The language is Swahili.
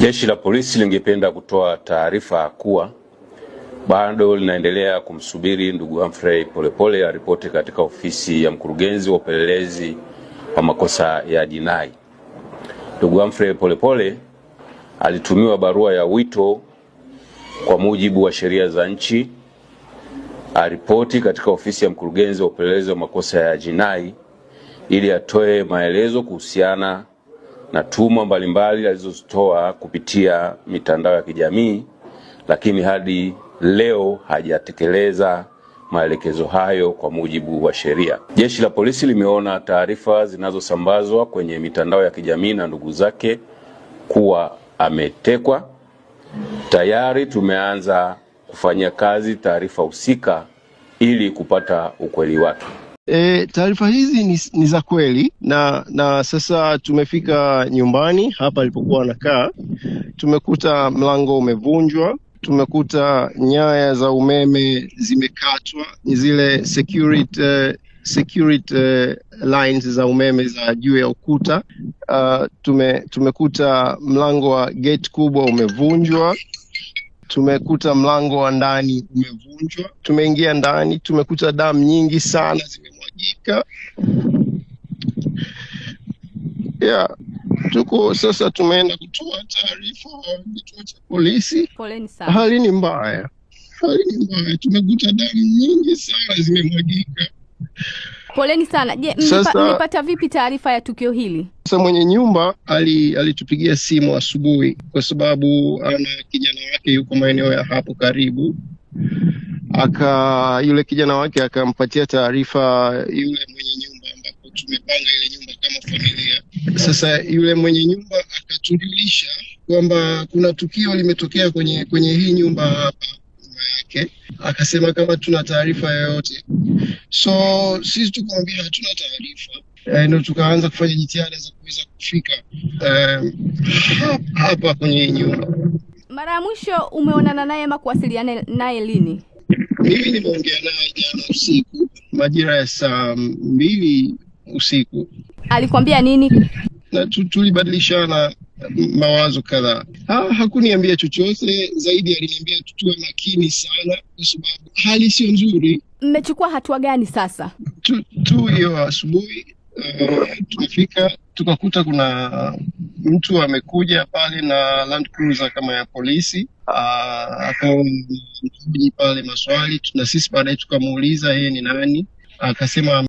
Jeshi la polisi lingependa kutoa taarifa kuwa bado linaendelea kumsubiri ndugu Humphrey Polepole aripoti katika ofisi ya mkurugenzi wa upelelezi wa makosa ya jinai. Ndugu Humphrey Polepole alitumiwa barua ya wito kwa mujibu wa sheria za nchi aripoti katika ofisi ya mkurugenzi wa upelelezi wa makosa ya jinai ili atoe maelezo kuhusiana na tuma mbalimbali alizozitoa kupitia mitandao ya kijamii, lakini hadi leo hajatekeleza maelekezo hayo kwa mujibu wa sheria. Jeshi la polisi limeona taarifa zinazosambazwa kwenye mitandao ya kijamii na ndugu zake kuwa ametekwa. Tayari tumeanza kufanya kazi taarifa husika ili kupata ukweli wake. E, taarifa hizi ni, ni za kweli na na sasa tumefika nyumbani hapa alipokuwa anakaa, tumekuta mlango umevunjwa, tumekuta nyaya za umeme zimekatwa, ni zile security, e, security e, lines za umeme za juu ya ukuta. Uh, tume, tumekuta mlango wa gate kubwa umevunjwa tumekuta mlango wa ndani umevunjwa, tumeingia ndani, tumekuta damu nyingi sana zimemwagika. Yeah, tuko sasa, tumeenda kutoa taarifa kituo cha polisi. Hali ni mbaya, hali ni mbaya, tumekuta damu nyingi sana zimemwagika. Poleni sana. Je, mlipata vipi taarifa ya tukio hili? Sasa mwenye nyumba ali alitupigia simu asubuhi, kwa sababu ana kijana wake yuko maeneo ya hapo karibu, aka yule kijana wake akampatia taarifa yule mwenye nyumba, ambapo tumepanga ile nyumba kama familia. Sasa yule mwenye nyumba akatujulisha kwamba kuna tukio limetokea kwenye kwenye hii nyumba hapa yake akasema kama tuna taarifa yoyote. So sisi tukuambia hatuna taarifa eh, ndo tukaanza kufanya jitihada za kuweza kufika eh, hapa kwenye nyumba. Mara ya mwisho umeonana naye ama kuwasiliana naye lini? Mimi nimeongea naye jana usiku majira ya saa mbili usiku. Alikuambia nini? Na tulibadilishana mawazo kadhaa. Ha, hakuniambia chochote zaidi, aliniambia tutuwe makini sana, kwa sababu hali sio nzuri. Mmechukua hatua gani sasa? tu tu hiyo asubuhi uh, tumefika tukakuta kuna mtu amekuja pale na Land Cruiser kama ya polisi ah, akawa pale maswali na sisi baadaye tukamuuliza yeye ni nani, akasema